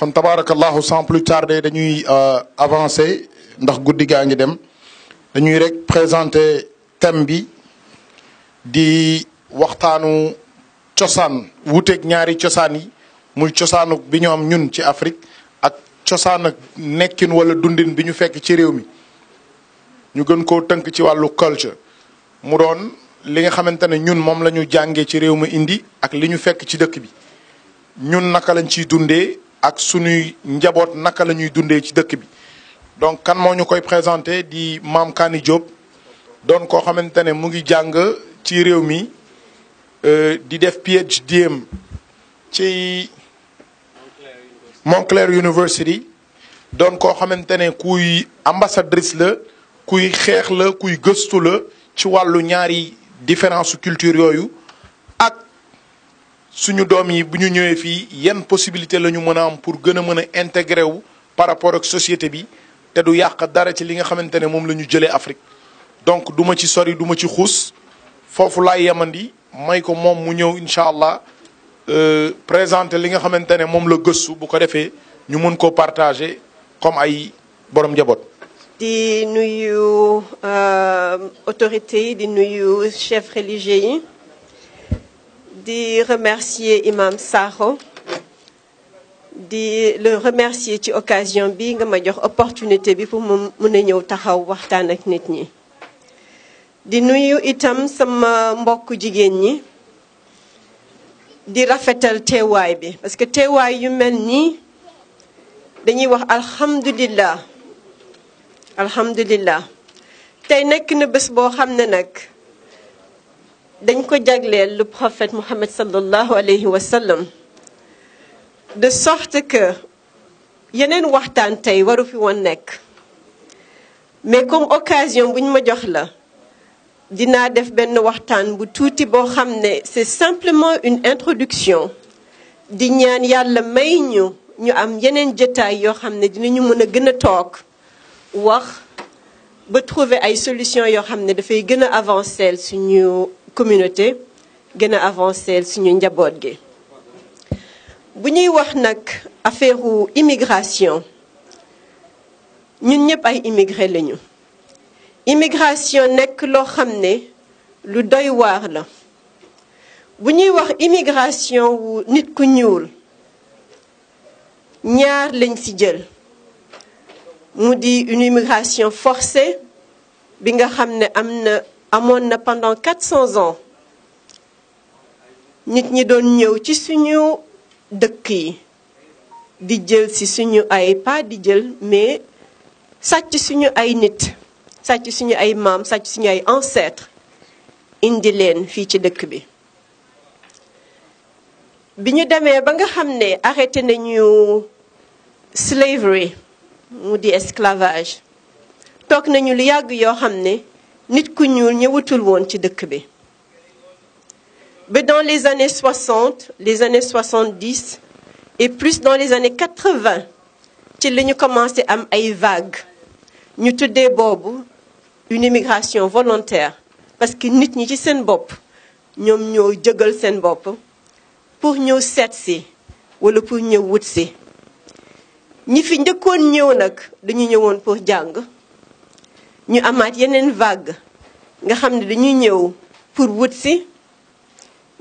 kon tabarakallahu sans plus tarder dañuy euh, avancer ndax guddi gaa ngi dem dañuy rekk présenté thème bi di waxtaanu cosaan wuuteeg ñaari cosaan yi muy cosaanu bi ñu am ñun ci Afrique ak cosaan nekkin wala dundin bi ñu fekk ci réew mi ñu gën koo tënk ci wàllu culture mu doon li nga xamante ne ñun moom la ñu jàngee ci réew mi indi ak li ñu fekk ci dëkk bi ñun naka lañ ciy dundee ak sunuy njaboot naka la ñuy dundee ci dëkk bi donc kan moo ñu koy présenté di maam Kani Diop doon koo xamante ne mu ngi jàng ci réew mi euh, di def PhDM ci Montclair University doon koo xamante ne kuy ambassadrice la kuy xeex la kuy gëstu la ci wàllu ñaari différence culture yooyu suñu doom yi bu ñu ñëwee fii yan possibilité la ñu mën a am pour gën a mën a intégré wu par rapport ak société bi te du yàq dara ci li nga xamante ne moom la ñu jëlee Afrique donc duma ci sori du ma ci xuus foofu laay yemandi may ko moom mu ñëw incha allah euh, présenter li nga xamante ne moom la gëstu bu ko defee ñu mën koo partager comme ay borom njaboot. di nuyu euh, autorités yi di nuyu chef religieux yi. di remercier Imam Sakho di le remercier ci occasion bi nga ma jox opportunité bi pour mu mën ñëw taxaw waxtaan ak nit ñi di nuyu itam sama mbokk jigéen ñi di rafetal teewaay bi parce que teewaay yu mel nii dañuy wax alhamdulillah alhamdulillah tey nekk na bés boo xam ne nag dañ ko jagleel le prophète Mohammed sallallahu alayhi wa sallam de sorte que yeneen waxtaan tey waru fi woon nekk mais comme occasion bu ñu ma jox la dinaa def benn waxtaan bu tuuti boo xam ne c'est simplement une introduction di ñaan yàlla may ñu ñu am yeneen jëtaay yoo xam ne dinañu mën a gën a toog wax ba trouver ay solution yoo xam ne dafay gën a avancer suñu communauté gën a suñu njaboot gi. bu ñuy wax nag affaire immigration ñun ñëpp ay immigré lañu. immigration nekk loo xam ne lu doy waar la. bu ñuy wax immigration wu nit ku ñuul ñaar lañ ci jël mu di une immigration forcée bi nga xam ne am na. amoon na pendant 400 ans nit ñi doon ñëw ci suñu dëkk yi di jël ci suñu ay pas di jël mais sàcc suñu ay nit sàcc suñu ay maam sàcc suñu ay ancêtre indi leen fii ci dëkk bi bi ñu demee ba nga xam ne arrêté nañu slavery mu di esclavage toog nañu lu yàgg yoo xam ne nit ku ñuul ñëwatul woon ci dëkk bi ba dans les années les années 70 et plus dans les années 80 ci la ñu commencé am ay vague ñu tuddee boobu une immigration volontaire parce que nit ñi ci seen bopp ñoom ñoo jëgal seen bopp pour ñëw seet si wala pour ñëw wut si ñi fi njëkkoon ñëw nag dañu ñëwoon pour jàng ñu amaat yeneen vague nga xam ne dañuy ñëw pour wut si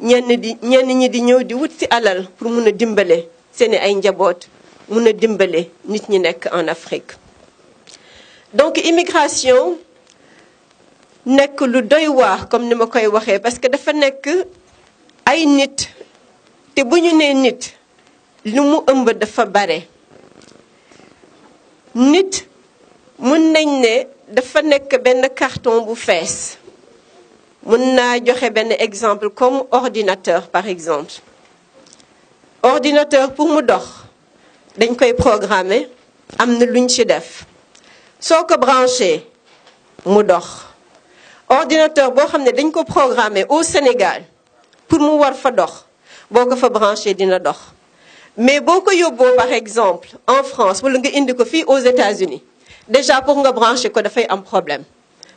ñenn di ñenn ñi di ñëw di wut si alal pour mun a dimbale seeni ay njaboot mun a dimbale nit ñi nekk en Afrique donc immigration nekk lu doy waax comme ni ma koy waxee parce que dafa nekk ay nit te bu ñu nee nit li mu ëmb dafa bare nit mun nañ ne dafa nekk benn carton bu fees mën naa joxe benn exemple comme ordinateur par exemple ordinateur pour mu dox dañ koy programmer am na luñ ci def soo ko branché mu dox ordinateur boo xam ne dañ ko programmer au Sénégal pour mu war fa dox boo ko fa branché dina dox mais boo ko yóbboo par exemple en France wala nga indi ko fii aux États-Unis déjà pour nga branché ko dafay am problème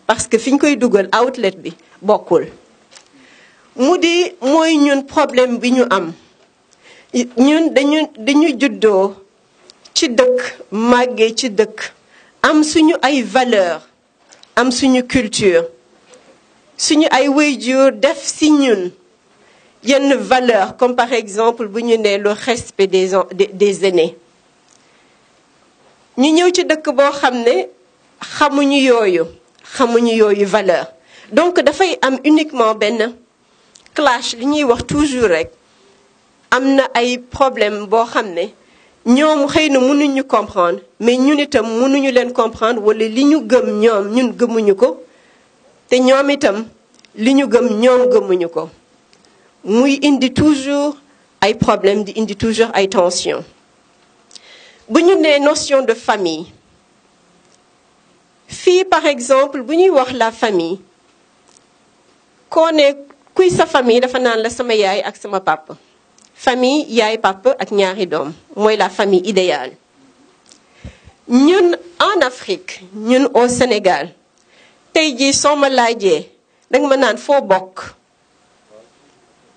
parce que fi ñu koy dugal outlet bi bokkul mu di mooy ñun problème bi ñu am ñun dañu dañu juddoo ci dëkk màggee ci dëkk am suñu ay valeur am suñu culture suñu ay waajur def si ñun yenn valeur comme par exemple bu ñu nee le respect des des aînés ñu ñëw ci dëkk boo xam ne xamuñu yooyu xamuñu yooyu valeur donc dafay am uniquement benn clash li ñuy wax toujours rek am na ay problème boo xam ne ñoom xëy na mënuñu comprendre mais ñun itam munuñu leen comprendre wala li ñu gëm ñoom ñun gëmuñu ko te ñoom itam li ñu gëm ñoom gëmuñu ko muy indi toujours ay problème di indi toujours ay tension bu ñu nee notion de famille fii par exemple bu ñuy wax la famille koo ne kuy sa famille dafa naan la sama yaay ak sama pàpp famille yaay pàpp ak ñaari doom mooy la famille idéale ñun en Afrique ñun au Sénégal tey jii soo ma laajee danga ma naan foo bokk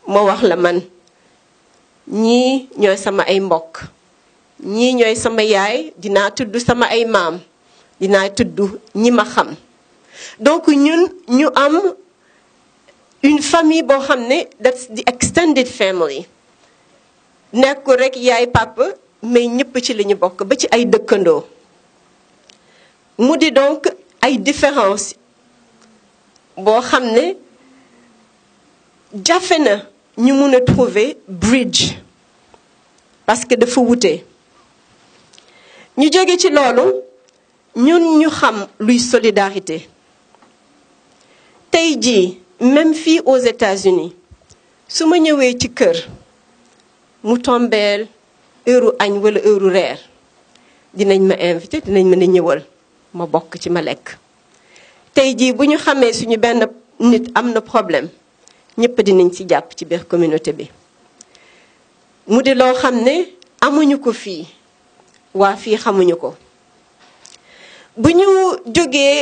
ma wax la man ñii ñooy sama ay mbokk ñii ñooy sama yaay dinaa tudd sama ay maam dinaa tudd ñi ma xam donc ñun ñu am une famille boo xam ne that's the extended family nekku rekk yaay papa may ñëpp ci li bokk ba ci ay dëkkandoo mu di donc ay différence boo xam ne jafe na ñu mun a trouver bridge parce que dafa wute ñu jóge ci loolu ñun ñu xam luy solidarité tey jii même fii aux États-Unis su ma ñëwee ci kër mu tombeel heure añ wala heure reer dinañ ma invité dinañ ma a ñëwal ma bokk ci ma lekk tey jii bu ñu xamee suñu benn nit am na problème ñëpp dinañ ci jàpp ci biir communauté bi mu di loo xam ne amuñu ko fii waa fii xamuñu ko bu ñu jógee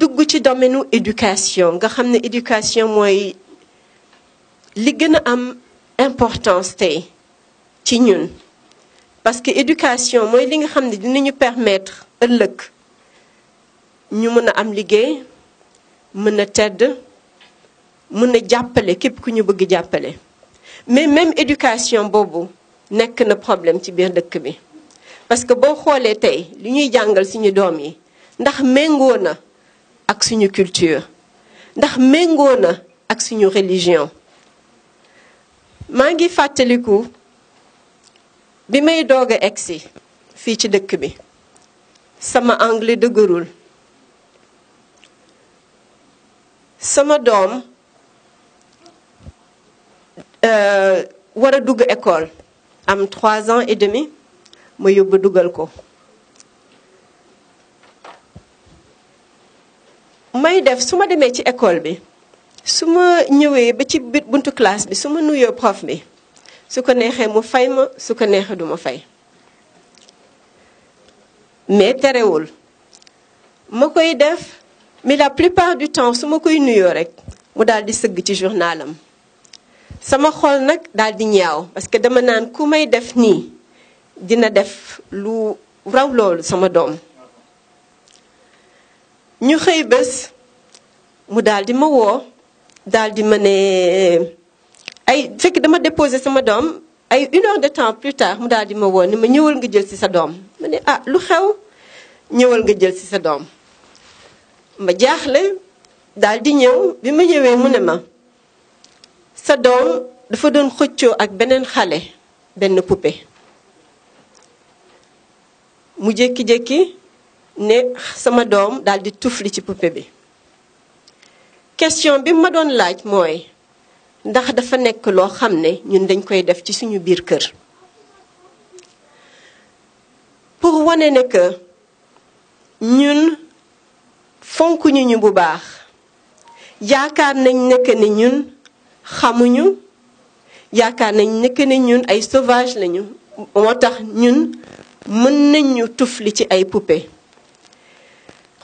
dugg ci domaine éducation nga xam ne éducation mooy li gën a am importance tey ci ñun parce que éducation mooy li nga xam ne dinañu permettre ëllëg ñu mën a am liggéey mën a tedd mën a jàppale képp ku ñu bëgg jàppale mais même éducation boobu nekk na problème ci biir dëkk bi parce que boo xoolee tey li ñuy jàngal suñu doom yi ndax méngoo na ak suñu culture ndax méngoo na ak suñu religion maa ngi fàttaliku bi may doog a egsi fii ci dëkk bi sama anglais dëgërul sama doom euh, war a dugg école am trois ans et demi ma yóbbu dugal ko may def su ma demee ci école bi su ma ñëwee ba ci bit buntu classe bi su ma nuyoo prof bi su ko neexee mu fay ma su ko neexee du ma fay mais terewul ma koy def mi la plupart du temps su ma koy nuyoo rek mu daal di sëgg ci journalam sama xol nag daal di ñaaw parce que dama naan ku may def nii dina def lu raw loolu sama doom ñu xëy bés mu daal di ma woo daal di ma ne ay fekk dama déposé sama doom ay une heure de temps plus tard mu daal di ma woo ni ma ñëwal nga jël ci sa doom ma ne ah lu xew ñëwal nga jël ci sa doom ma jaaxle daal di ñëw bi ma ñëwee mu ne ma sa doom dafa doon xëccoo ak beneen xale benn poupée mu jékki-jékki ne sama doom daal tufli ci poupée bi question bi ma doon laaj mooy ndax dafa nekk loo xam ne ñun dañ koy def ci suñu biir kër pour wane ne ñun fonk ñu bu baax yaakaar nañ nekk ne ñun xamuñu yaakaar nañ nekk ne ñun ay sauvage lañu moo tax ñun mën nañu tufli ci ay poupée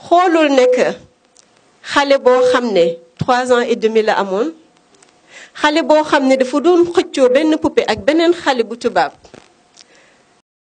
xoolul nekk xale boo xam ne trois ans et demi la amoon xale boo xam ne dafa doon xëccoo benn poupée ak beneen xale bu tubaab